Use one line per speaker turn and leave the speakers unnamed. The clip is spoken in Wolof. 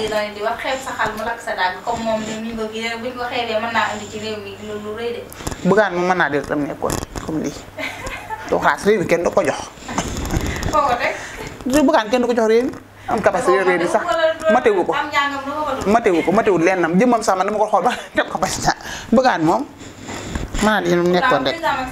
yi moom ni ñu ko rek mën naa indi ci réew
mi nekkoon comme lii doxalaas réew kenn du ko jox. foo ko teg. du ko jox réew mi am capacité réew mi sax matewu ko matewu ko matewul lennam jëmmam sax man dama ko xool ba teg ko ba si Bougane moom
mën naa def nekkoon rek.